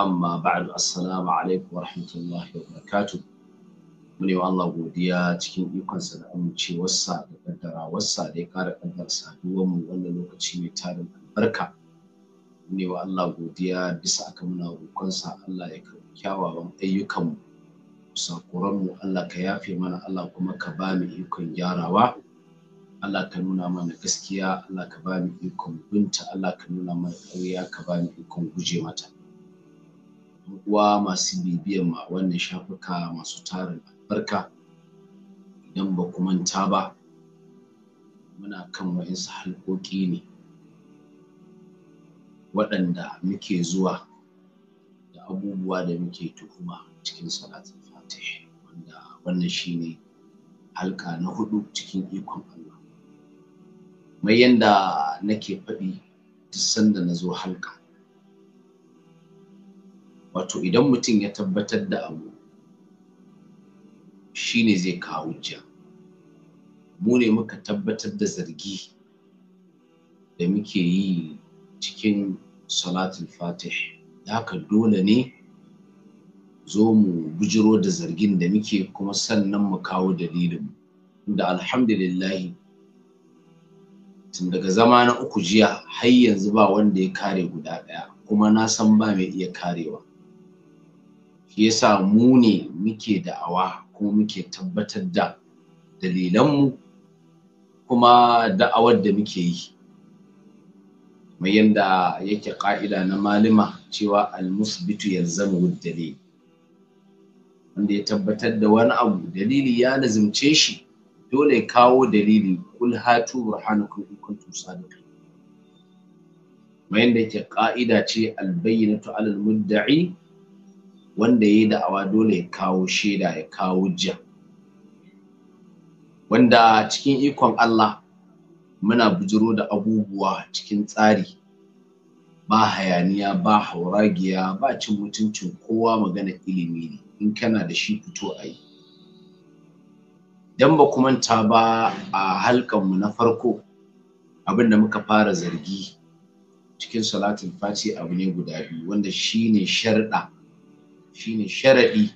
amma ba'du assalamu alaikum wa rahmatullahi wa barakatuh mune wa Allah godiya cikin ikonsa da amincewarsa da kaddara wassa da ya kara kaddar duwan mu wannan lokaci mai tarin albarka mune wa Allah godiya bisa aka muna sa Allah ya karbi kyawawan ayyukan mu sakuran mu Allah ka yafe mana Allah kuma ka ba mu ikon gyarawa Allah ka nuna mana gaskiya Allah ka ba mu ikon binta Allah ka nuna mana ƙarya ka ba mu ikon guje mata uwa masu bibiyan ma wannan shafuka masu tarin albarka idan ba ku manta ba muna kan wa'insu halkoki ne waɗanda muke zuwa da abubuwa da muke tuhuma cikin salatin fatih wanda wannan shi ne halka na hudu cikin ikon Allah mai yanda nake faɗi duk sanda na zo halka wato idan mutum ya tabbatar da abu shine zai kawo hujja mu ne muka tabbatar da zargi da muke yi cikin salatul fatih da haka dole ne zo mu bujiro da zargin da muke kuma sannan mu kawo dalilin mu da alhamdulillahi tun daga zama na uku jiya har yanzu ba wanda ya kare guda ɗaya kuma na san ba mai iya karewa yasa mu ne muke da'awa ko muke tabbatar da mu kuma da'awar da muke yi mai yanda yake ƙa'ida na malima cewa almusbitu yalzamu dalil wanda ya tabbatar da wani abu dalili ya lazimce shi dole kawo dalili kul hatu burhanakum in kuntum sadiqin mai yanda yake ƙa'ida ce albayyinatu alal mudda'i wanda ya yi da'awa dole ya kawo shaida ya kawo jiya wanda cikin ikon Allah muna bujiro da abubuwa cikin tsari ba hayaniya ba hauragiya ba cin mutuncin kowa magana ilimi ne in kana da shi fito a yi dan ba ku manta ba a halkanmu na farko abinda muka fara zargi cikin salatin fati abu ne guda biyu wanda shine sharɗa. shine sharadi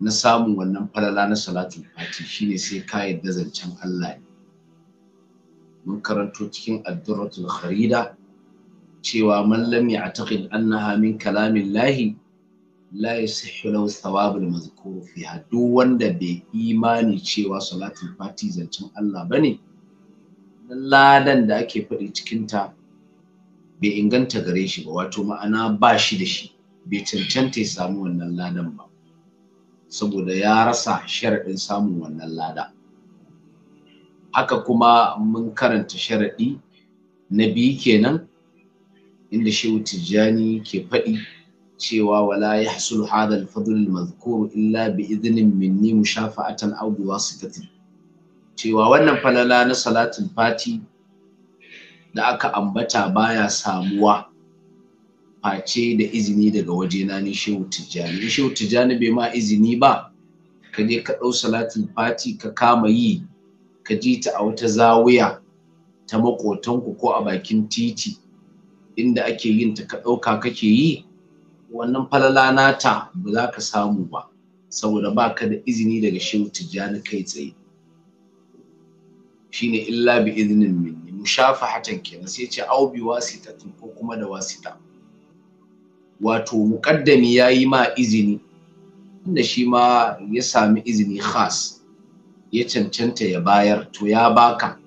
na samun wannan falala na salatul fati shine sai ka yadda zancen Allah ne mun karanto cikin addurratul kharida cewa man lam ya'taqid annaha min kalamin lahi la yasihhu lahu thawabul mazkur fiha duk wanda bai imani cewa salatul fati zancen Allah bane ladan da ake faɗi cikinta bai inganta gare shi ba wato ma'ana ba shi da shi bai cancanta ya samu wannan ladan ba saboda ya rasa sharaɗin samun wannan lada haka kuma mun karanta sharaɗi na biyu kenan inda shehu tijjani ke faɗi cewa wala ya hasul hada alfadul mazkuru illa bi idinin minni mushafa'atan aw bi wasitatin cewa wannan falala na salatin fati da aka ambata baya samuwa face da izini daga wajena ni shehu tijjani ni shehu tijjani bai ma izini ba ka je ka ɗau salatin fati ka kama yi ka ji ta a wata zawiya ta makotanku ko a bakin titi inda ake yin ta ka ɗauka kake yi wannan falala nata ba za ka samu ba saboda ba ka da izini daga shehu tijjani kai tsaye shine illa bi izinin minni mushafahatan kenan sai ce au bi wasitatin ko kuma da wasita wato muƙaddami ya yi ma izini inda shi ma ya sami izini khas ya cancanta ya bayar to ya baka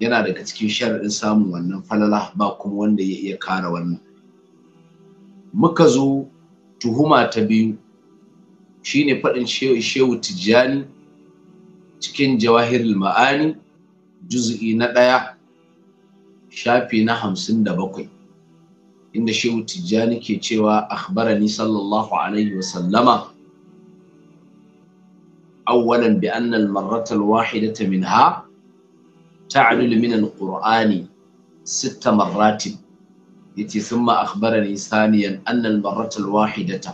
yana daga cikin sharaɗin samun wannan falala ba kuma wanda ya iya kara wannan muka zo tuhuma ta biyu shine faɗin shehu tijjani cikin jawahirul ma'ani juz'i na ɗaya shafi na hamsin da bakwai inda shehu tijjani ke cewa akhbarani sallallahu alaihi wa sallama awwalan bi anna al marrata al wahidata minha ta'dul min al qur'ani sitta marrat yace thumma akhbarani saniyan anna marata marrata al wahidata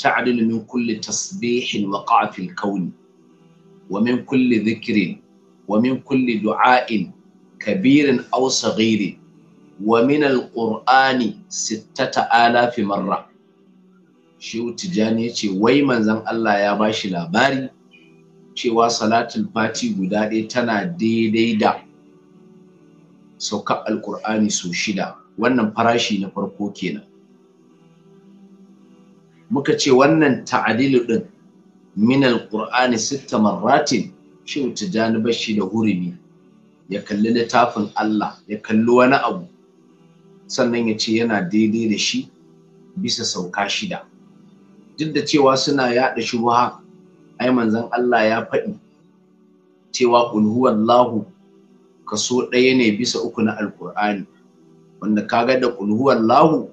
ta'dul min kulli tasbihin waqa'a fil kawn wa min kulli dhikrin wa min kulli du'ain kabirin aw saghirin wa min alqur'ani sittata alafi marra shehu tijjani ya ce wai manzon Allah ya bashi labari cewa salatul fati guda ɗaya tana daidai da sauka Al-Qur'ani so shida wannan farashi na farko kenan muka ce wannan ta'adilu din min Qur'ani sitta marratin shehu tijjani bashi da hurumi ya kalli littafin Allah ya kalli wani abu sannan ya ce yana daidai da shi bisa sauka shida duk da cewa suna yaɗa shubuha ai manzon Allah ya faɗi cewa ƙulhuwar huwallahu kaso ɗaya ne bisa uku na alkur'ani wanda kaga da ƙulhuwar huwallahu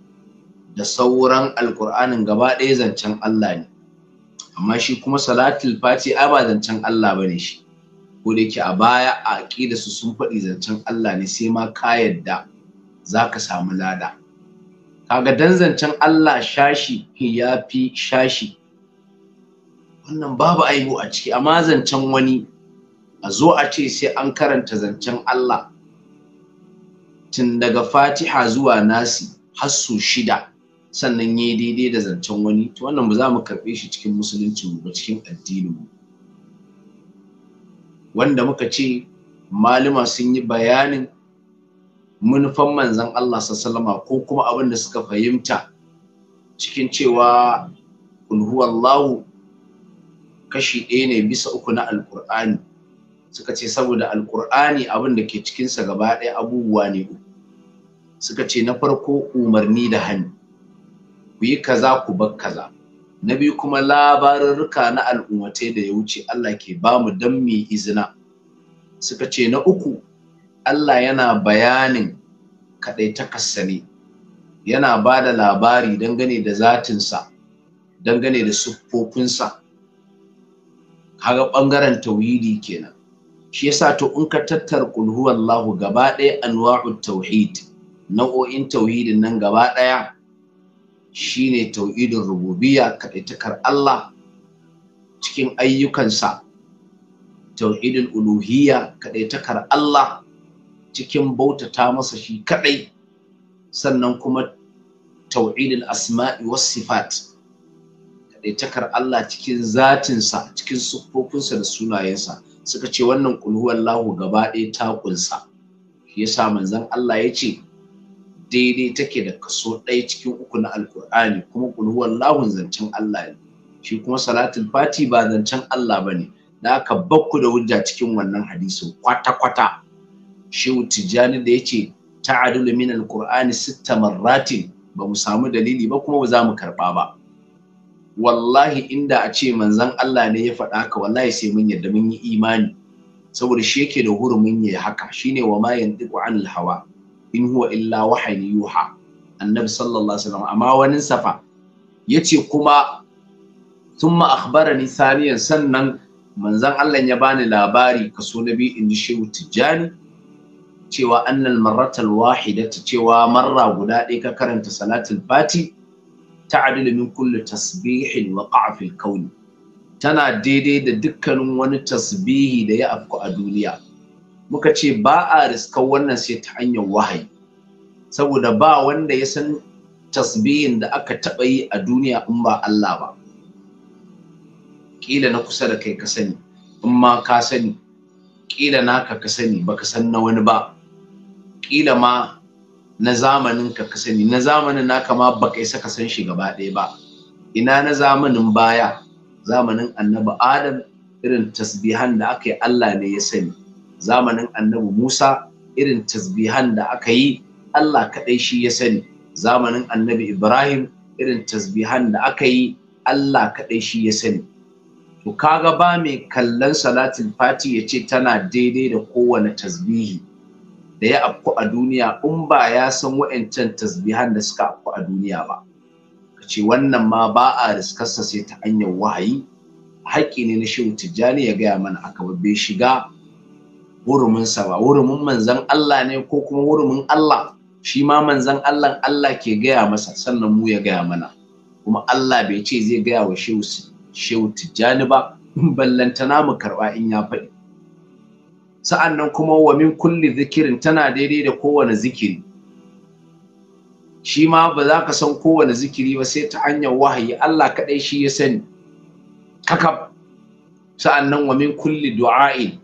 da sauran Alƙur'anin gaba ɗaya zancen Allah ne amma shi kuma salatul fati ai ba zancen Allah bane shi ko da yake a baya a su sun faɗi zancen Allah ne sai ma ka yadda za ka samu lada kaga zancen Allah shashi ya fi shashi wannan babu aibu a ciki amma zancen wani a zo a ce sai an karanta zancen Allah tun daga fatiha zuwa nasi hassu shida sannan ya daidai da zancen wani to wannan ba za mu karɓe shi cikin musulunci ba cikin mu. wanda muka ce malama sun yi bayanin manufan manzan Allah sallama ko kuma abin da suka fahimta cikin cewa ulhuwallahu kashi ɗaya ne bisa uku na alkur'ani suka ce saboda alkur'ani abin da ke cikinsa gaba ɗaya abubuwa ne suka ce na farko umarni da hannu ku yi kaza ku bar kaza na biyu kuma labarurruka na al'ummatai da ya wuce Allah ke ba mu don mu izina suka ce na uku Allah yana bayanin kaɗai takassa ne yana ba da labari dangane da zatinsa dangane da siffofinsa kaga ɓangaren tauhidi kenan shi yasa to in ka tattar Allahu gaba ɗaya anwa'u tauhid nau'o'in tauhidin nan gaba ɗaya shine tauhidin rububiyya kaɗaitakar Allah cikin ayyukansa tauhidin uluhiyya kaɗaitakar Allah cikin bautata masa shi kadai sannan kuma tauhidul asma'i was sifat takar Allah cikin zatinsa cikin siffofinsa da sunayensa suka ce wannan huwallahu gaba ɗaya ta kunsa shi yasa manzon Allah yace ce daidai take da kaso ɗaya cikin uku na alkur'ani kuma huwallahu zancen Allah ne shi kuma salatul fati ba zancen Allah bane da aka bakku da hujja cikin wannan hadisin kwata-kwata shehu tijjani da yace ta'adulu min Kur'ani sitta marratin ba mu samu dalili ba kuma ba za mu karba ba wallahi inda a ce manzon Allah ne ya faɗa ka wallahi sai mun yadda mun yi imani saboda shi yake da hurumin ya haka shine wa ma yantiqu anil hawa in huwa illa wahayin yuha annabi sallallahu alaihi wasallam amma wani safa yace kuma thumma akhbarani saniyan sannan manzon Allah ya bani labari kaso biyu inji shehu tijjani cewa annal marratal ta cewa marra guda ɗaya ka karanta salatul fati ta ta'dilu min kulli tasbihin wa qa'fil kauni tana daidai da dukkanin wani tasbihi da ya afku a duniya muka ce ba a riskar wannan sai ta hanyar wahayi saboda ba wanda ya san tasbihin da aka taɓa yi a duniya in ba Allah ba ƙila na kusa da kai ka sani in ma ka sani ƙila naka ka sani baka san na wani ba kila ma na zamanin ka ka sani na zamanin naka ma baka isa ka san shi gaba ɗaya ba ina na zamanin baya zamanin annabi adam irin tasbihan da aka yi Allah ne ya sani zamanin annabi Musa irin tasbihan da aka yi Allah kaɗai shi ya sani zamanin annabi Ibrahim irin tasbihan da aka yi Allah kaɗai shi ya sani to kaga ba mai kallon salatin fati ya ce tana daidai da kowane tasbihi da ya afku a duniya in ba ya san wa'ancan tasbihan da suka afku a duniya ba ka ce wannan ma ba a riskarsa sai ta hanyar wahayi haƙƙi ne na shehu tijjani ya gaya mana aka babbe shiga sa ba hurumin manzan Allah ne ko kuma hurumin Allah shi ma manzan Allah Allah ke gaya masa sannan mu ya gaya mana kuma Allah bai ce zai gaya wa shehu tijjani ba ballantana mu karɓa in ya faɗi sa'annan kuma wa min kulli zikirin tana daidai da kowane zikiri shi ma ba za ka san kowane zikiri ba sai ta hanyar wahayi Allah kaɗai shi ya sani haka sa'annan wa min kulli du'a'in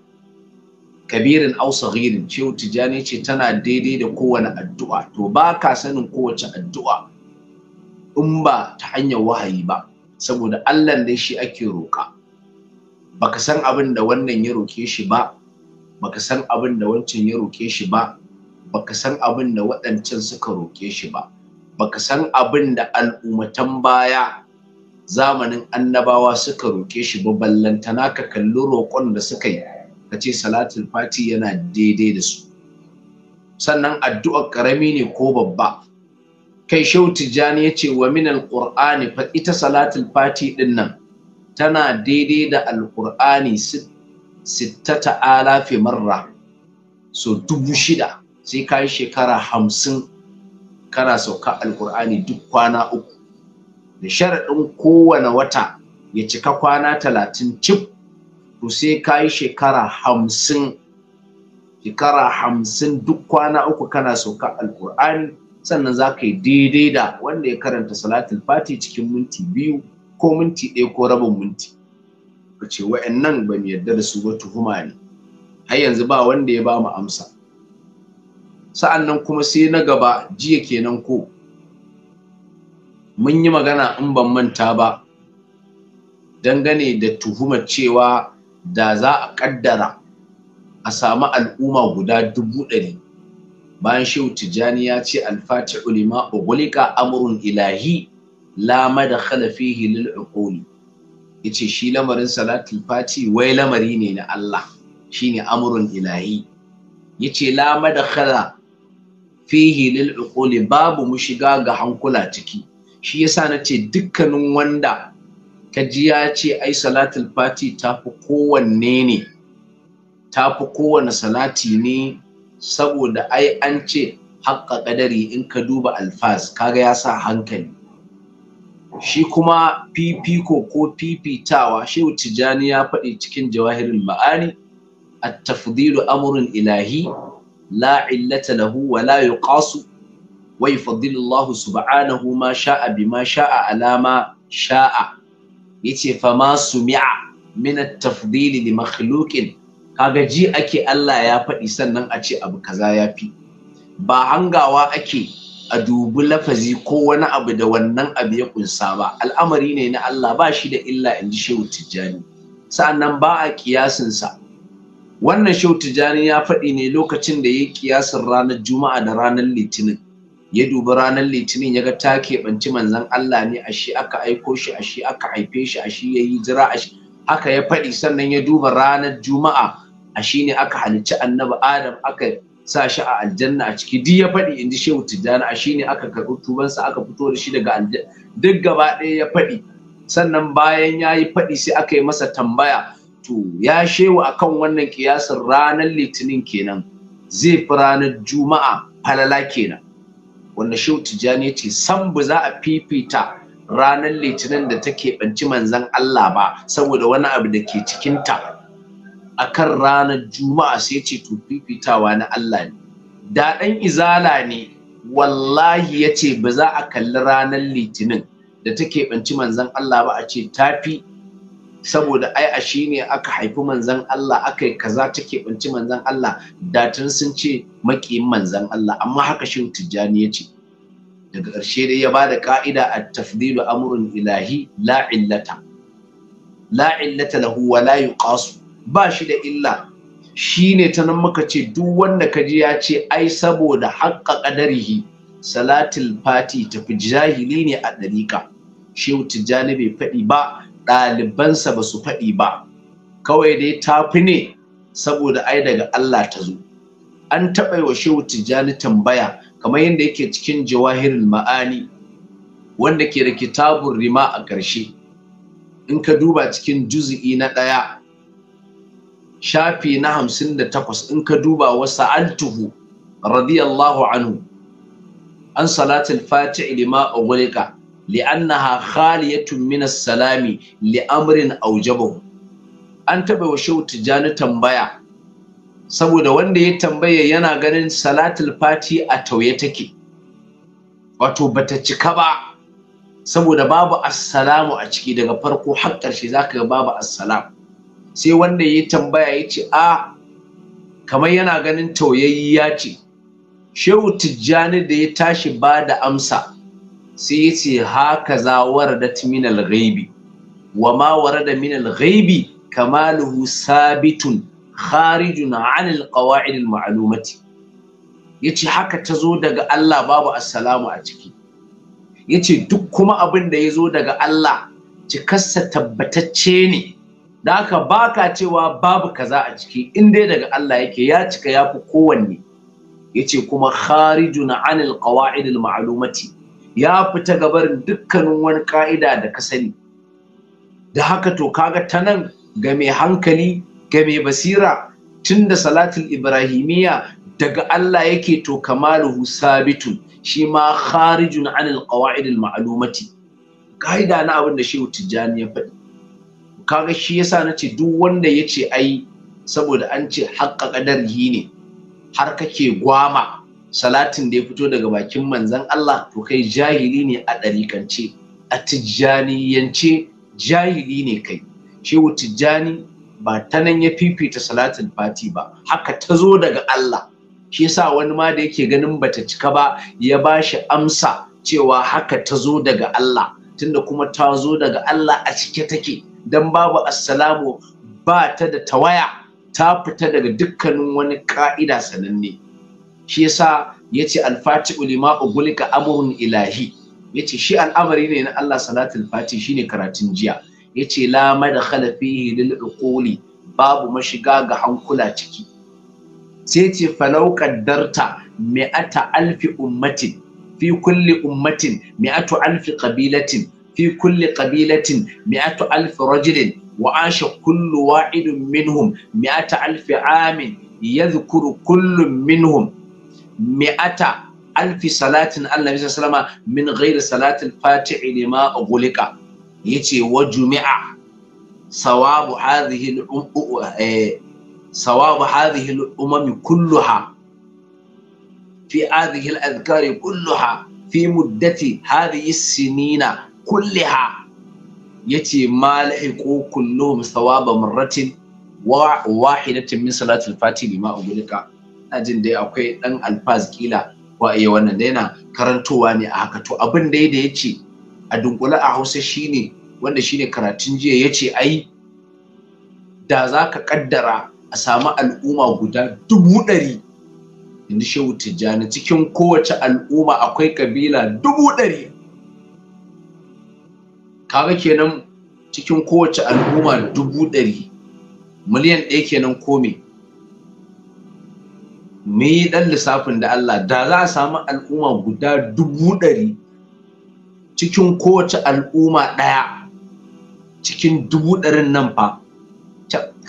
kabirin aw saghirin ce tijani ce tana daidai da kowane addu'a to ba ka sanin kowace addu'a in ba ta hanyar wahayi ba saboda Allah ne shi ake roka baka san abin da wannan ya roke shi ba baka san abin da wancan ya roke shi ba baka san abin da waɗancan suka roke shi ba baka san abin da al'ummatan baya zamanin annabawa suka roke shi ba ballantana ka kalli roƙon da suka yi ka ce salatul fati yana daidai da su sannan addu'ar karami ne ko babba kai shau tijjani ya ce wa min alqur'ani fa ita salatul fati din nan tana daidai da alqur'ani sittata alafi marra so dubu shida sai ka shekara hamsin kana sauka alkur'ani duk kwana uku da sharaɗin kowane wata ya cika kwana talatin cif to sai ka shekara hamsin shekara hamsin duk kwana uku kana sauka alkur'ani sannan za ka yi daidai da wanda ya karanta salatul fati cikin minti biyu ko minti ɗaya ko rabin minti suka ce wa'annan ba mu yarda da su ba tuhuma ne har yanzu ba wanda ya ba mu amsa sa'annan kuma sai na gaba jiya kenan ko mun yi magana in ban manta ba dangane da tuhumar cewa da za a kaddara a samu al'umma guda dubu ɗari bayan shehu tijjani ya ce alfati ulima ugulika amrun ilahi la madakhala fihi lil uquli yace shi lamarin salatul fati wai lamari ne na Allah shine amrun ilahi yace la kala fihi lil uquli babu mu shiga ga hankula ciki shi yasa nace dukkanin wanda kaji ya ce ai salatul fati tafi kowanne ne tafi kowanne salati ne saboda ai an ce haƙa ƙadari in ka duba alfaz kaga ya sa hankali shi kuma fifiko ko fifitawa shehu tijjani ya faɗi cikin jawahirul ma'ani at-tafdilu amrun ilahi la illata lahu wa la yuqasu wa yufaddilu Allah subhanahu ma sha'a bima sha'a alama sha'a yace fa ma sumi'a min at-tafdili li makhluqin kaga ji ake Allah ya faɗi sannan a ce abu kaza ya fi ba hangawa ake a dubi lafazi ko wani abu da wannan abu ya kunsa ba al'amari ne na Allah ba shi da illa in ji shehu tijjani sa'annan ba a kiyasinsa wannan shehu tijjani ya faɗi ne lokacin da ya yi kiyasin ranar juma'a da ranar litinin ya dubi ranar litinin ya ga ta keɓanci manzan Allah ne a shi aka aiko shi a shi aka haife shi a shi ya yi jira a shi haka ya faɗi sannan ya duba ranar juma'a a shi ne aka halicci annabi adam aka sa shi a aljanna a ciki duk ya faɗi inji shehu tijjani a shine aka karɓi tubansa aka fito da shi daga aljanna duk gaba ɗaya ya faɗi sannan bayan ya yi faɗi sai aka yi masa tambaya to ya shehu akan wannan kiyasin ranar litinin kenan zai fi ranar juma'a falala kenan wanda shehu tijjani ce san bu za a fifita ranar litinin da take banci manzan Allah ba saboda wani abu da ke cikinta akan ranar juma'a sai ce to fifitawa na Allah ne da ɗan izala ne wallahi ya ce ba za a kalli ranar litinin da ta keɓanci manzan Allah ba a ce tafi saboda ai a shi ne aka haifi manzan Allah aka yi kaza ta keɓanci manzan Allah da tun sun ce maƙiyin manzan Allah amma haka shi tijjani ya ce daga ƙarshe dai ya bada ƙa'ida a tafdilu amurin ilahi la illata la illata lahu wa la yuqasu ba shi da illa shine ta nan muka ce duk wanda ka ji ya ce ai saboda haƙƙa ƙadarihi salatul fati tafi jahili ne a ɗariƙa shehu tijjani bai faɗi ba ɗalibansa ba su faɗi ba kawai dai tafi ne saboda ai daga Allah ta zo an taɓa wa shehu tijjani tambaya kamar yadda yake cikin jawahirin ma'ani wanda ke da kitabun rima a ƙarshe in ka duba cikin juzi'i na ɗaya shafi na hamsin da takwas in ka duba wa sa'altuhu radiyallahu anhu an salatul fati lima ughlika li'annaha khaliyatun min as-salami amrin aujabahu an taba wa shehu tijani tambaya saboda wanda ya tambaye yana ganin salatul fati a tauye take wato bata cika ba saboda babu assalamu a ciki daga farko har ƙarshe zaka ga babu assalamu sai wanda ya tambaya ya ce a kamar yana ganin tauyayya ce shehu tijjani da ya tashi ba da amsa sai ya ce haka za waradat min al-ghaibi wa ma warada min al-ghaibi kamaluhu sabitun kharijun an al-qawa'id al-ma'lumati yace haka ta zo daga Allah babu assalamu a ciki yace duk kuma abin da ya zo daga Allah cikarsa tabbatacce ne da haka ba ka cewa babu kaza a ciki in dai daga Allah yake ya cika ya fi kowanne yace kuma kharijun anil qawa'id al ma'lumati ya fita gabarin dukkanin wani ka'ida da ka sani da haka to kaga ta nan ga mai hankali ga mai basira tunda salatul ibrahimiyya daga Allah yake to kamaluhu sabitun shi ma kharijun anil qawa'id al ma'lumati ka'ida na abin da shehu tijjani ya faɗi kaga shi yasa na ce duk wanda ya ce ai saboda an ce haƙƙa ƙadarhi ne har kake gwama salatin da ya fito daga bakin manzan Allah to kai jahili ne a ɗarikance a tijjaniyance jahili ne kai shehu tijjani ba ta nan ya fifita salatin fati ba haka ta zo daga Allah shi yasa wani ma da yake ganin bata cika ba ya ba shi amsa cewa haka ta zo daga Allah tunda kuma ta zo daga Allah a cike take dan babu assalamu ba ta da tawaya ta fita daga dukkanin wani ka'ida sananne shi yasa yace al-fatihu lima ugulika amrun ilahi yace shi al'amari ne na Allah salatul fati shine karatun jiya yace la madkhala fihi lil uquli babu mashiga ga hankula ciki sai ce falau qaddarta mi'ata alfi ummatin fi kulli ummatin mi'atu alfi qabilatin في كل قبيلة مئة ألف رجل وعاش كل واحد منهم مئة ألف عام يذكر كل منهم مئة ألف صلاة على النبي صلى الله عليه وسلم من غير صلاة الفاتح لما أغلق يتي وجمع صواب هذه الأم صواب آه، هذه الأمم كلها في هذه الأذكار كلها في مدة هذه السنين kulliha yace malahiqu kulluhum thawaba marratin wa wahidatin min salatil fati lima ubulika ina jin dai akwai dan alfaz kila wa iya wannan dai na karantowa a haka to abin dai da yace a dunkula a Hausa shine wanda shine karatun jiya yace ai da za ka kaddara a sami al'umma guda dubu ɗari inda shehu tijjani cikin kowace al'umma akwai ƙabila dubu ɗari kaga kenan cikin kowace al'umma dubu ɗari miliyan ɗaya kenan kome me yi ɗan lissafin da Allah da za a samu al'umma guda dubu ɗari cikin kowace al'umma ɗaya cikin dubu ɗarin nan fa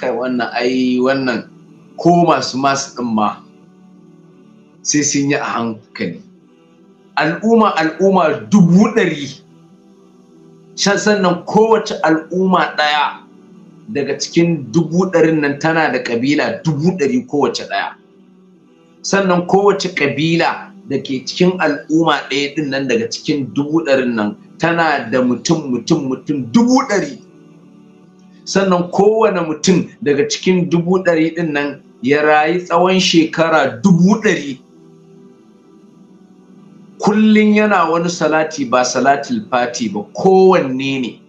kai wannan ai wannan ko masu masu ɗin ma sai sun yi a hankali al'umma al'umma dubu ɗari sannan kowace al'umma ɗaya daga cikin dubu ɗarin nan tana da ƙabila dubu ɗari kowace ɗaya sannan kowace ƙabila da ke cikin al'umma ɗaya ɗin nan daga cikin dubu ɗarin nan tana da mutum mutum mutum dubu ɗari sannan kowane mutum daga cikin dubu ɗari ɗin nan ya rayu tsawon shekara dubu ɗari kullum yana wani salati ba salatil fati ba kowanne ne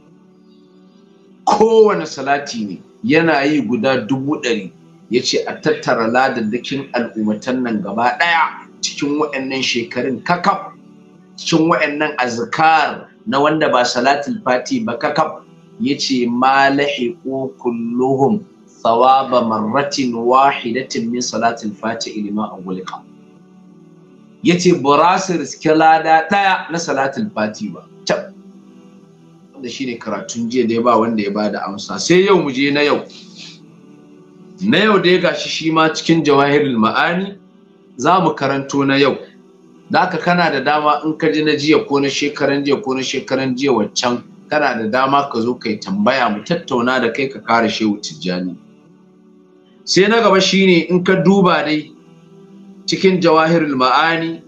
kowane salati ne yana yi guda dubu ɗari ya ce a tattara ladadakin al'ummatan nan gaba ɗaya cikin wa'annan shekarun kakaf cikin wa'annan azkar na wanda ba salatul fati ba kakaf ya ce ma lahiqu kulluhum thawaba marratin wahidatin min salatul fati ilima a ya ce ba su riske lada ɗaya na salatul fati ba cap wanda shi ne karatun jiya da ya ba wanda ya ba da amsa sai yau mu je na yau na yau da ya gashi shi ma cikin jawahirul ma'ani za mu karanto na yau da haka kana da dama in ka ji na jiya ko na shekaran jiya ko na shekaran jiya waccan kana da dama ka zo ka yi tambaya mu tattauna da kai ka kare shehu tijjani sai na gaba shine in ka duba dai cikin jawahirul ma'ani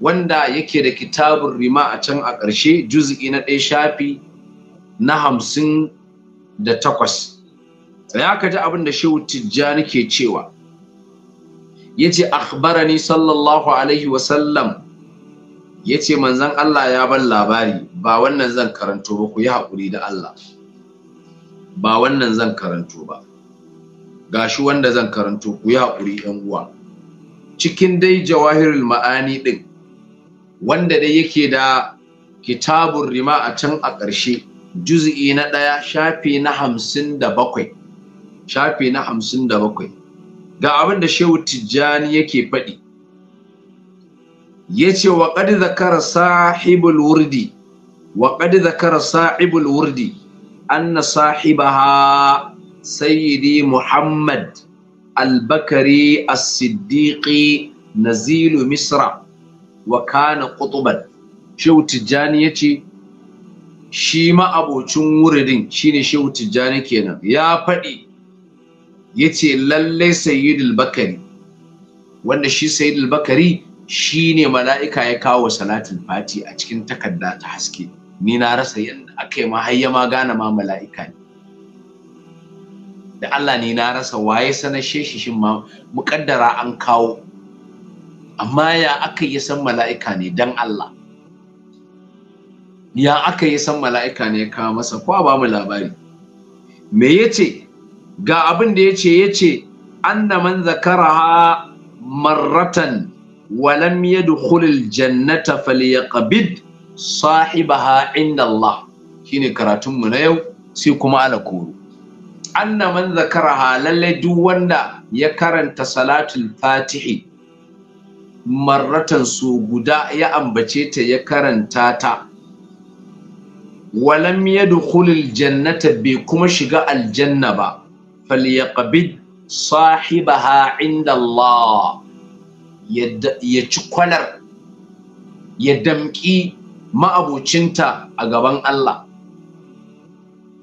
wanda yake da kitabun rima a can a ƙarshe juz'i na ɗaya shafi na hamsin da takwas ya ka ji abin da shehu tijjani ke cewa ya ce akhbarani sallallahu alaihi wasallam ya ce manzan Allah ya ban labari ba wannan zan karanto ba ku yi haƙuri da Allah ba wannan zan karanto ba Ga shi wanda zan karanto ku yi haƙuri 'yan uwa cikin dai jawahirul ma'ani ɗin, wanda dai yake da kitabun rima a can a ƙarshe juz'i na ɗaya shafi na hamsin da bakwai shafi na hamsin da bakwai ga abin da shehu tijjani yake faɗi ya ce wa ƙadi zakara sahibul wurdi wa ƙadi zakara sahibul wurdi anna sahibaha sayyidi muhammad albakari as-siddiqi nazilu misra wa kana qutuban shehu tijjani yace shi ma abocin wuridin shine shehu tijjani kenan ya faɗi yace lallai sayyidul bakari wanda shi sayyidul bakari shine mala'ika ya kawo Salatin fati a cikin takarda ta haske ni na rasa yadda aka yi ma har ya ma gane ma mala'ika ne da Allah ne na rasa waye sanar shi ma muƙaddara an kawo amma ya aka yi san mala'ika ne dan Allah ya aka yi san mala'ika ne kawo masa kwa ba mu labari me yace ga abin da yace yace anna man zakaraha marratan walam yadkhul jannata falyaqbid sahibaha inda Allah shine karatun mu na yau sai kuma alakoro anna man zakaraha lalle duk wanda ya karanta salatul fatihi marratan su guda ya ambace ta ya karanta ta walam yadkhulul jannata bai kuma shiga aljanna ba falyaqbid sahibaha inda Allah ya ci kwalar ya damƙi ma'abocinta a gaban Allah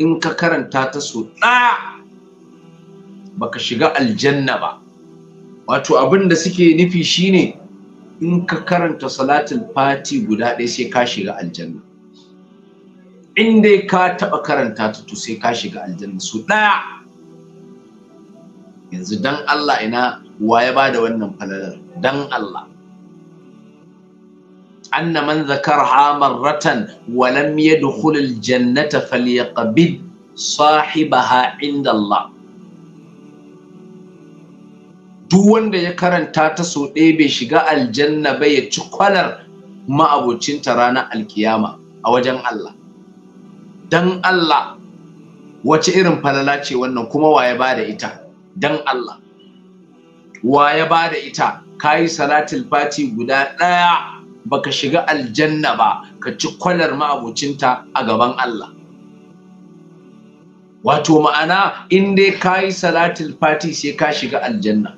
in ka karanta ta so ɗaya baka shiga aljanna ba wato abin da suke nufi shine in ka karanta salatul fati guda ɗaya sai ka shiga aljanna in dai ka taɓa karanta ta to sai ka shiga aljanna su ɗaya yanzu dan Allah ina wa ya ba da wannan falalar dan Allah anna man zakarha marratan wa lam yadkhul al-jannata falyaqbid sahibaha inda Allah duk wanda ya karanta ta sau ɗaya bai shiga aljanna ba ya ci kwalar ma'abocinta ranar alkiyama a wajen Allah dan Allah wace irin falala ce wannan kuma waye ba da ita dan Allah waye ba da ita kayi salatul fati guda ɗaya baka shiga aljanna ba ka ci kwalar ma'abucinta a gaban Allah wato ma'ana in dai ka yi salatul fati sai ka shiga aljanna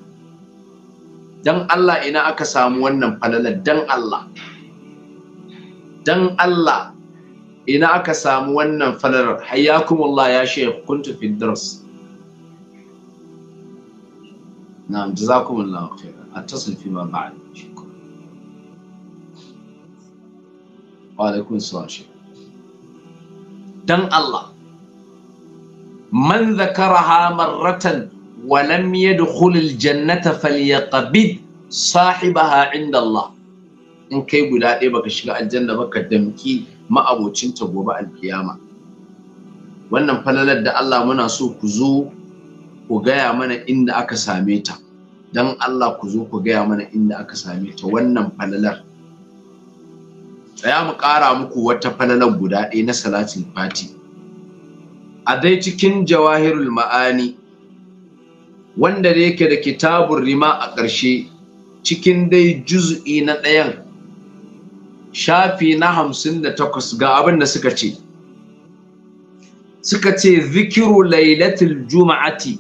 dan Allah ina aka samu wannan falalar dan Allah dan Allah ina aka samu wannan falalar hayyakumullah ya shaykh kuntu fi dars na'am jazakumullahu khairan attasil fi ma ba'd wa alaikun shi don Allah man zakaraha marratan wa lam yadkhul aljannata falyaqbid sahibaha inda Allah in kai guda ɗaya baka shiga aljanna ba ka damki ma'abocinta gobe alkiyama wannan falalar da Allah muna so ku zo ku gaya mana inda aka same ta don Allah ku zo ku gaya mana inda aka same ta wannan falalar tsaya mu ƙara muku wata falalan guda ɗaya na salatin fati a dai cikin jawahirul ma'ani wanda da yake da kitabun rima a ƙarshe cikin dai juz'i na ɗayan shafi na hamsin da takwas ga abin da suka ce suka ce zikiru lailatul juma'ati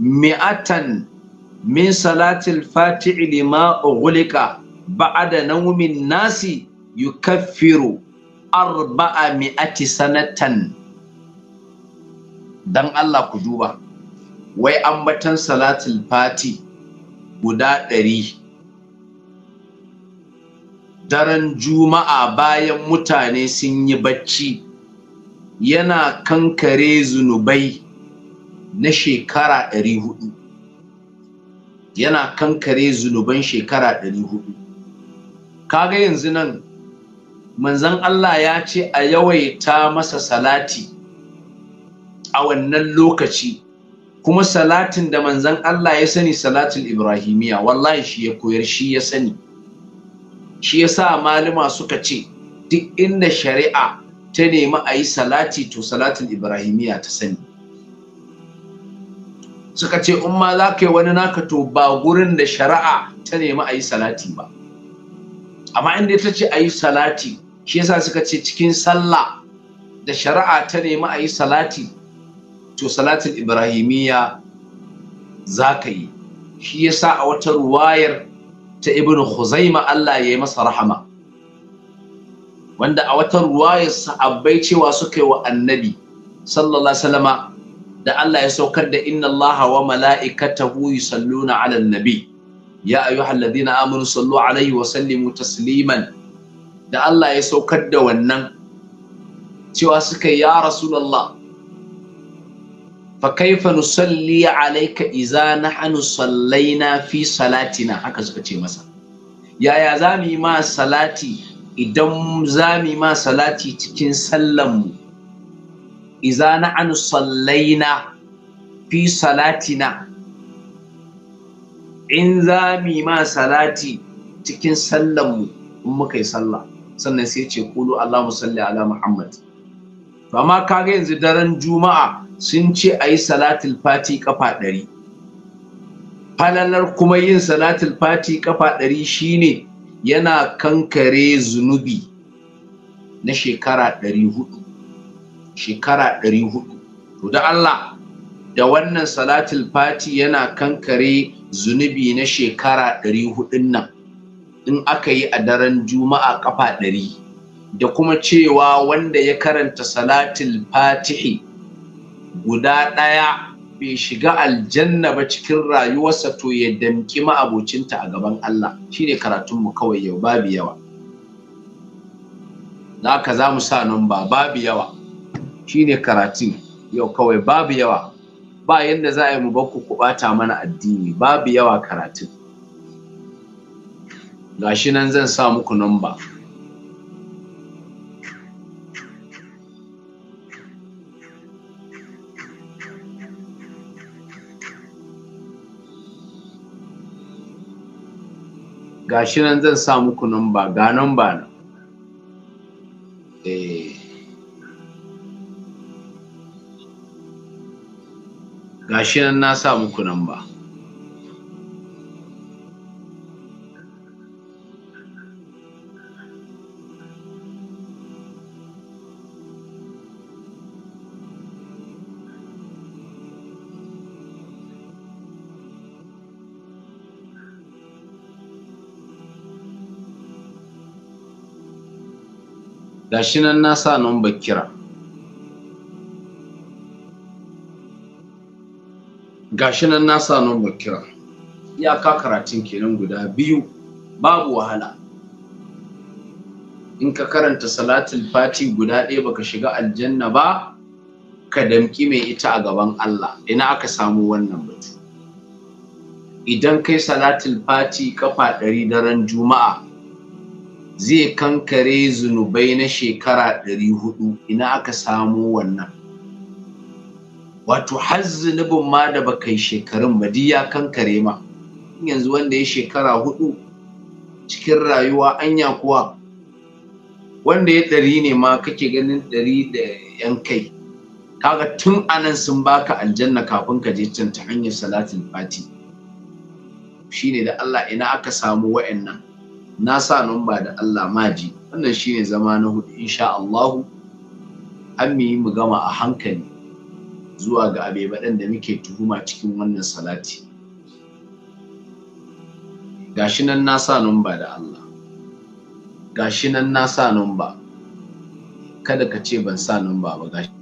mi'atan min salatil fati'i lima ughliqa ba'ada naumin nasi yukaffiru arba'a mi'ati sanatan dan Allah ku duba wai ambatan salatul fati guda ɗari daren juma'a bayan mutane sun yi barci, yana kankare zunubai na shekara ɗari hudu yana kankare zunuban shekara ɗari hudu kaga yanzu nan manzon Allah ya ce a yawaita masa salati a wannan lokaci kuma salatin da manzon Allah ya sani salatul ibrahimiya wallahi shi ya koyar shi ya sani shi yasa malama suka ce duk inda shari'a ta nemi a yi salati to salatul ibrahimiya ta sani suka ce umma ma za ka yi wani naka to ba gurin da shari'a ta nemi a yi salati ba amma inda ta ce ayi salati shi yasa suka ce cikin sallah da shari'a ta nemi a yi salati to salatin ibrahimiyya za ka yi shi yasa a wata ruwayar ta ibn khuzaima Allah ya yi masa rahama wanda a wata ruwayar saabbai cewa suka yi wa annabi sallallahu alaihi da Allah ya saukar da inna Allaha wa mala'ikatahu yusalluna 'alan nabi ya ayyuhal ladina amanu sallu alaihi wa sallimu tasliman da Allah ya saukar da wannan cewa suka ya rasulullah fa kaifa nusalli alayka idza nahnu sallaina fi salatina haka suka ce masa yaya za mu yi ma salati idan za mu yi ma salati cikin sallanmu idza nahnu sallaina fi salatina in za mu ma salati cikin sallan mu in muka yi sallah sannan sai ce kulu Allahumma salli ala Muhammad to amma kaga yanzu daren juma'a sun ce ayi salatul fati kafa ɗari falalar kuma yin salatul fati kafa ɗari shine yana kankare zunubi na shekara ɗari hudu shekara ɗari hudu to da Allah da wannan salatul fati yana kankare zunubi na shekara ɗari hudun nan in aka yi a daren juma'a kafa ɗari da kuma cewa wanda ya karanta salatul fatihi guda ɗaya bai shiga aljanna ba cikin rayuwarsa to ya damki ma'abocinta a gaban Allah shine karatunmu kawai yau babu yawa za ka za mu sa nan ba babu yawa shine karatun yau kawai babu yawa ba yadda za a yi mu bakku ku kubata mana addini babu yawa karatun gashi nan zan sa muku namba gashi nan zan sa muku namba ga namba na eh gashi nan na sa muku nan ba gashi nan na sa ba kira gashi nan na sa number kira iyaka karatun kenan guda biyu babu wahala in ka karanta salatul fati guda ɗaya baka shiga aljanna ba ka damki mai ita a gaban Allah ina aka samu wannan batu idan kai salatul fati kafa ɗari daren juma'a zai kankare zunubai na shekara ɗari hudu ina aka samu wannan wato har zunubin ma da bakai shekarun ba ya kankare ma yanzu wanda ya shekara hudu cikin rayuwa anya kuwa wanda ya ɗari ne ma kake ganin ɗari da yan kai kaga tun anan sun baka aljanna kafin ka je can ta hanyar salatin fati shine da Allah ina aka samu wa'annan na sa numba da Allah maji wannan shine zama na hudu insha Allah an mu gama a hankali zuwa ga abebaɗen da muke tuhuma cikin wannan salati gashi nan na sa numba da Allah gashi nan na sa numba kada ka ce ban sa numba ba gashi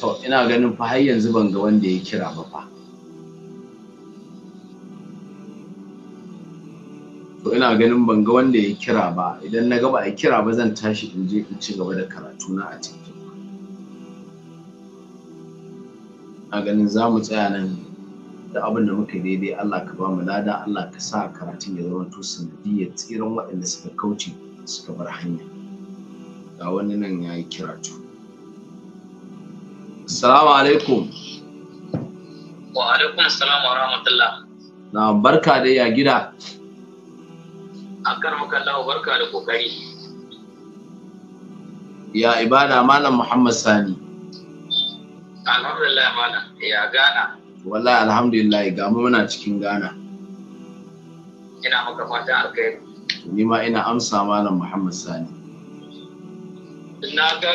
to ina ganin fa har yanzu ban ga wanda ya kira ba fa to ina ganin ban ga wanda ya kira ba idan na ga ba a kira ba zan tashi in je in ci gaba da karatu na a tiktok a ganin za mu tsaya nan da abin da muka daidai Allah ka ba mu lada Allah ka sa karatun ya zama to sanadiyar tsiran waɗanda suka kauce suka bar hanya ga wani nan ya yi kiratu Assalamu alaikum. Wa alaikum salam wa rahmatullah. Na barka da ya gida. A karmakan lawa barka da kokari. Ya ibada malam Muhammad Sani. Alhamdulillah malam ya gana. Wallahi alhamdulillah ga mu muna cikin gana. Ina maka fata alkhairi. Ni ma ina amsa malam Muhammad Sani. Na ga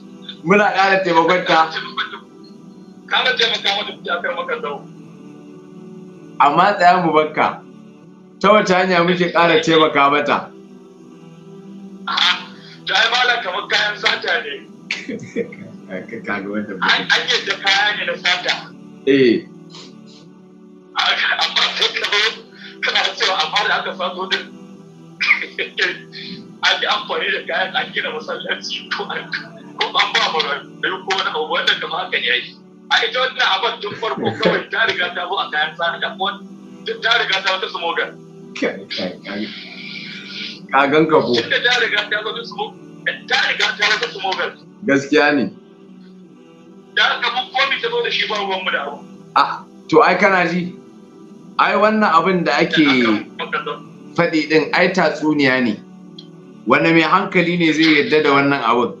muna ƙara taimakon ta ƙara taimaka mata ta kan maka zau. amma tsaya mu bakka ta wata hanya muke ƙara taimaka mata ta yi malam kamar kayan sata ne an yi da kaya ne na sata eh amma sai ka zo kana cewa amma da aka sato din an yi amfani da kayan an gina masallaci ko an ko an ba mu rayu ko wani abu wanda kama haka ya yi a ita wannan abin tun farko kawai ta riga ta bu a kayan tsari da kuma ta riga ta wata smoga ka gan ka Da ta riga ta wata smoga ta riga ta wata smoga gaskiya ne da haka mun komi ta zo da shi ba ruwan mu da abu a ah, to ai kana ji ai wannan abin da ake faɗi ɗin ai tatsuniya ne wanda mai hankali ne zai yarda da wannan abin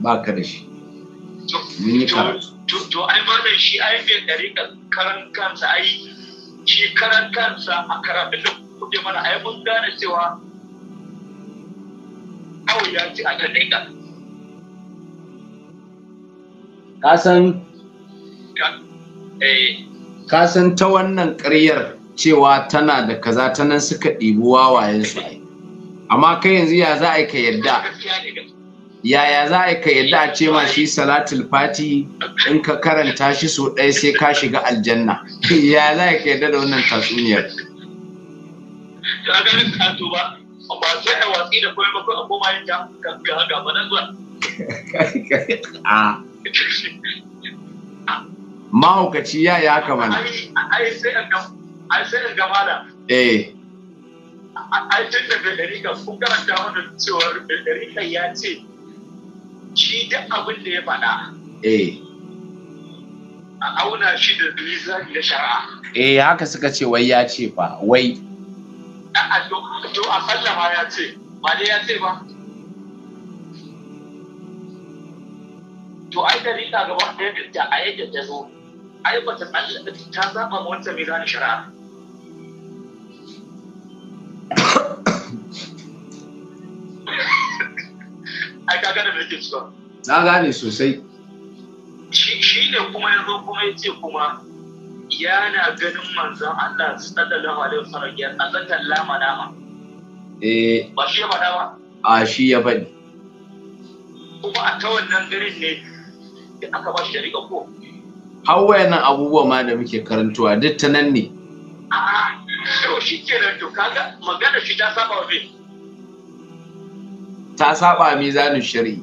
ba ka da shi mun yi karatu to ai malam shi ai bai dariƙa karan kansa ai shi karan kansa a karatun da kuke mana ai mun gane cewa kawai ya ci a dariƙa ka san eh. ka san ta wannan ƙaryar cewa tana da kaza ta nan suka ɗibi wawayen su amma kai yanzu ya za a yi ka yadda yaya za a ka yadda a ce ma shi salatul fati in ka karanta shi so ɗaya sai ka shiga aljanna yaya za a ka yadda da wannan tatsuniyar mahaukaci ya ya haka mana ai sai in gama da eh ai tun da ɗarika kun karanta mana cewar ɗarika ya ce shi duk abin da ya faɗa a auna shi da mizani da shara. eh haka suka ce wai ya ce fa wai to a sallama ya ce ba dai ya ce ba to ai da rika gaba ɗaya da a yadda ta zo ai ba ta tsallaka ta zaba ma wancan mizani shari'a ai ka gane me yake na gane sosai shi ne kuma ya zo kuma ya ce kuma yana ganin manzan Allah sallallahu alaihi wasallam a azata lama nama eh ba shi ya faɗa ba a shi ya bani kuma a ta wannan garin ne da aka ba shi da riƙa ko har nan abubuwa ma da muke karantuwa duk ta nan ne a'a shi shi nan to kaga magana shi ta saba wa ta saba mizanin shiri.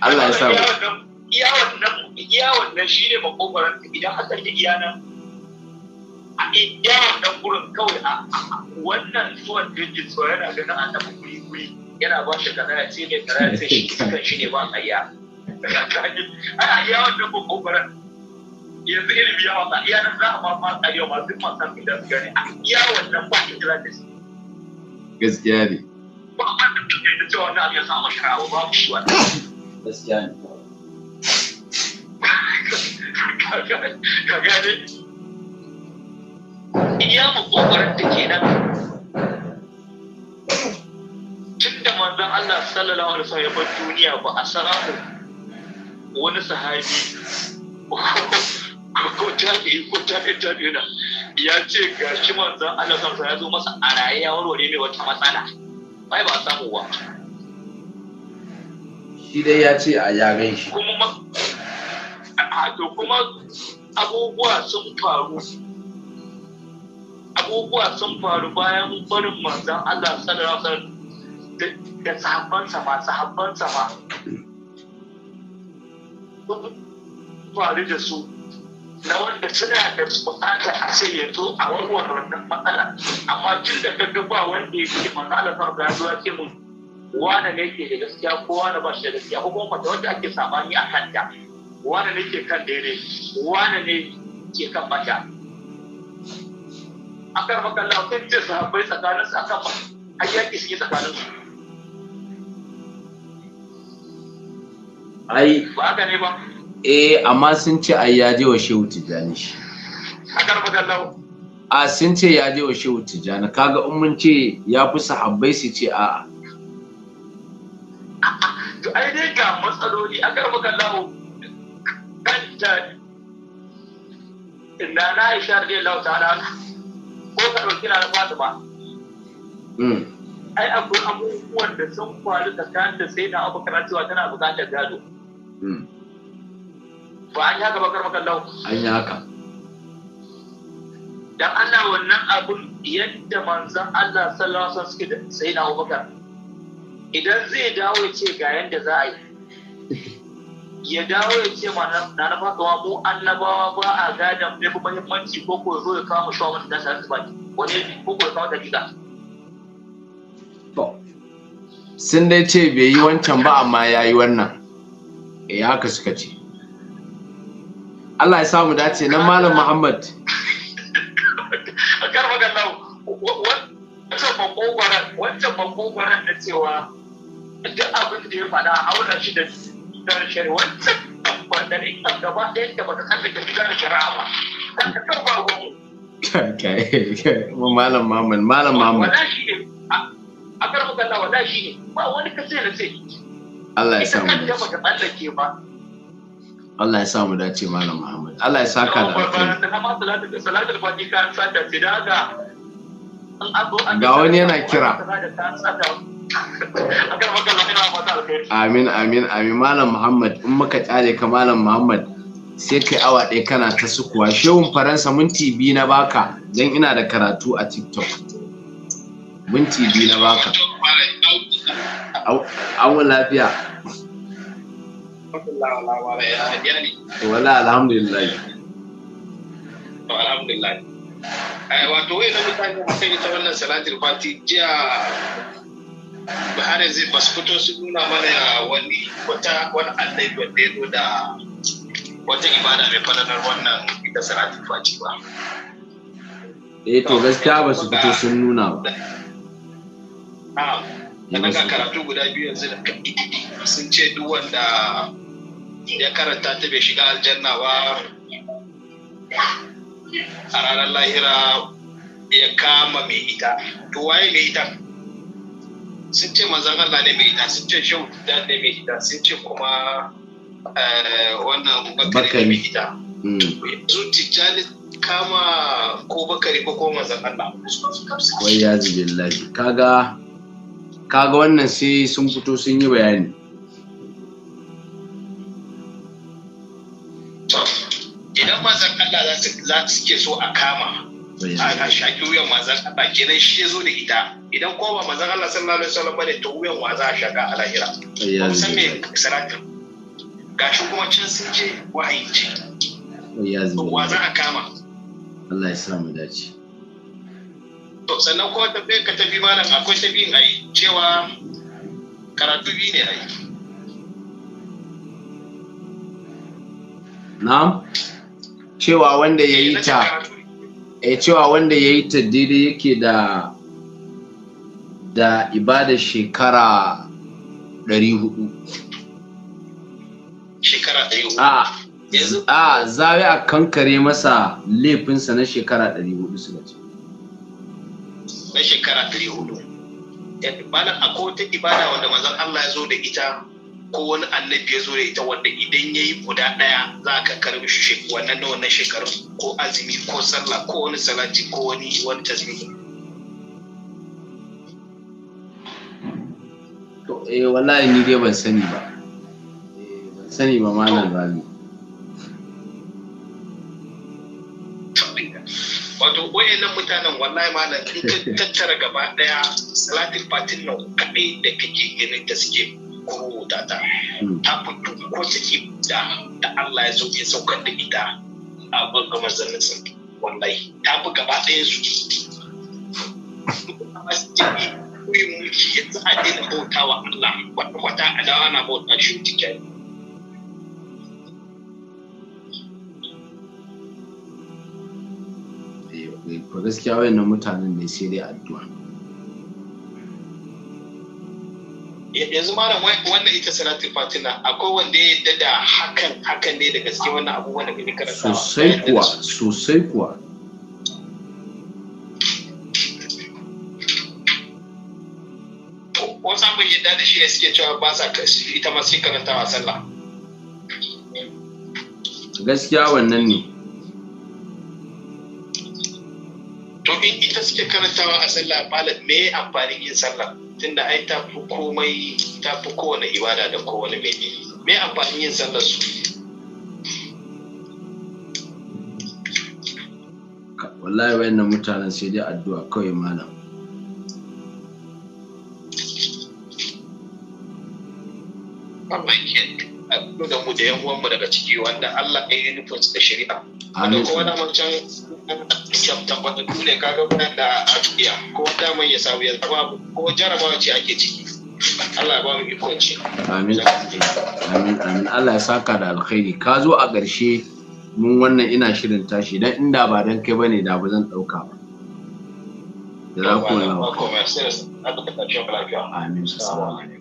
Allah ya samu iya wannan iya wannan idan aka yi iya nan a iya wannan gurin kawai a wannan zuwan jirgin so yana ganin an guri guri yana ba shi ce ne shi ne ba a yanzu ilimi ya wasa iya nan za a ba ma a yau masu masan idan su gani a iya wannan ba in jira da su gaskiya ne ba a da tuke da cewa na ya samu shara ba ba shi wannan gaskiya ne ka gane iya mu kokarin da ke nan tun da manzon Allah sallallahu alaihi wasallam ya bar duniya ba a samu wani sahabi ko tabi'i ko tabi'i tabi'ina ya ce ga shi manzon Allah sa ya zo masa a raye ya warware mai wata matsala bai ba samu ba shi dai ya ce a yaren shi kuma kuma abubuwa sun faru abubuwa sun faru bayan barin manzon Allah sallallahu alaihi wasallam da sahabbansa ma sahabbansa ma faru da su na wanda suna da bukata a sai ya zo a warware wannan matsala amma tun da kaga ba wanda ya ke manzo Allah farko ya zuwa ce mun wane ne ke da gaskiya ko wane ba shi da gaskiya ko kuma mata wanda ake sabani a kanta wane ne ke kan daidai wane ne ke kan mata kan makalla kun ce sahabbai tsakaninsu akan ayyaki suke tsakaninsu ai ba haka ne ba eh amma sun ce ai ya je wa shehu tijjani shi a sun ce ya je wa shehu tijjani kaga in mun ce ya fi sahabbai su ce a'a to ai dai ga matsaloli a karfa kallahu kanta inda na isha da lau ta'ala ko ka ɗauki na fatima hmm. ai akwai abubuwan da sun faru tsakanin da sai na abu karatuwa tana bukatar gado hmm. ba an yi haka ba karmakan lau an yi haka dan Allah wannan abun yadda manzan Allah sallallahu alaihi wasallam suke da sai na Abubakar idan zai dawo ya ce ga yanda za a yi ya dawo ya ce mana na na fakawa mu annabawa ba a gadan bai fi muhimmanci ko ko zo ya kawo mu shawarar da ta baki wani ko ko ya kawo dakika sun dai ce bai yi wancan ba amma ya yi wannan eh haka suka ce Allah ya samu dace nan malam Muhammad kar magan nan wancan makogwaran wancan makogwaran da cewa duk abin da ya faɗa auna shi da gidan shari'a wancan wanda ne kan gaba ɗaya da baka san da gidan shari'a ba kan ka kan babu mu malam Muhammad malam Muhammad a kar magan nan wallahi shi ne ba wani kace na ce Allah ya samu dace. Ita kan da baka tsallake ba Allah ya sa mu dace malam Muhammad Allah ya saka da alkhairi salatul ka da ga wani yana kira amin amin amin malam Muhammad in muka tsare ka malam Muhammad sai kai awa ɗaya kana ta sukuwa shehun faransa minti biyu na baka don ina da karatu a tiktok minti biyu na baka an lafiya rahmatullah wa wala alhamdulillah to alhamdulillah eh, wato wai na mutane a kan ta wannan salatul fati jiya bahare zai ba su fito su nuna mana wani wata wani annabi wanda ya zo da wata ibada mai falalar wannan ita salatul fati ba eh to gaskiya ba su fito sun nuna ba a ga karatu guda biyu yanzu da sun ce duk wanda ya karanta ta bai shiga aljanna ba a ranar lahira ya kama mai ita to waye mai ita sun ce manzan Allah ne mai ita sun ce shi da ne mai ita sun ce kuma eh, wannan bakari ne mai ita yanzu tijjani kama ko bakari ko ko manzan Allah wai ya zubi kaga kaga wannan sai sun fito sun yi bayani idan mazan Allah za su ke so a kama a shaƙi wuyan mazan Allah kenan shi ya zo da ita idan ko ba mazan Allah sallallahu alaihi wasallam bane to wuyan wa za a shaƙa a lahira ba san me sarakin shi kuma can sun je wahayi ce wa za a kama Allah ya sa mu dace to sannan kuma tafiya ka tafi malam akwai tafiyin ayi cewa karatu biyu ne ayi na cewa wanda ya yi ta e cewa wanda ya yi ta daidai yake da da ibada shekara 400 shekara 400 a zawi a kankare masa laifinsa na shekara 400 suka ce na shekara 400 eh, malam akwai wata ibada wanda manzon Allah ya zo da ita ko wani annabi ya zo da ita wanda idan ya yi guda ɗaya za ka karbi shi wannan na wannan shekarun ko azumi ko sallah ko wani salati ko wani wani tasbihi to eh wallahi ni dai ban sani ba eh, ban sani ba malam rabi wato nan mutanen wallahi malam in tattara gaba ɗaya salatin fatin nan kaɗai da kake ganin ta suke kowata wutata hmm. ta fito ko ciki da da Allah ya sauke saukar da ita a ga manzannin sa wallahi ta fi gaba ɗaya su kuyi mulki yanzu a daina bauta wa Allah wata wata adawa na bauta shi cikin eh, eh, gaskiya wayannan mutanen ne sai dai addu'a yanzu malam wannan ita salatul fatina akwai wanda ya yadda da hakan hakan ne da gaske wannan abubuwan da kake karanta sosai kuwa sosai kuwa wasu abin yadda da shi ne suke cewa ba sa ita ma sai karantawa sallah gaskiya wannan ne domin ita suke karantawa a sallah malam me amfanin yin sallah tunda ai ta fi komai ta fi kowane ibada da kowane mai me amfanin yin sallah su wallahi wayannan mutanen sai dai addu'a kawai malam Mamaki da mu da yan uwanmu daga ciki wanda Allah ya yi nufin da shari'a wanda kuma da can kyauta wanda ne kaga bayan da a tuya ko wanda mai ya samu ya ko jarabawa ce ake ciki Allah ya ba mu ikon ci amin amin amin Allah ya saka da alkhairi ka zo a ƙarshe mun wannan ina shirin tashi dan inda ba dan kai bane da ba zan dauka ba amin Amin.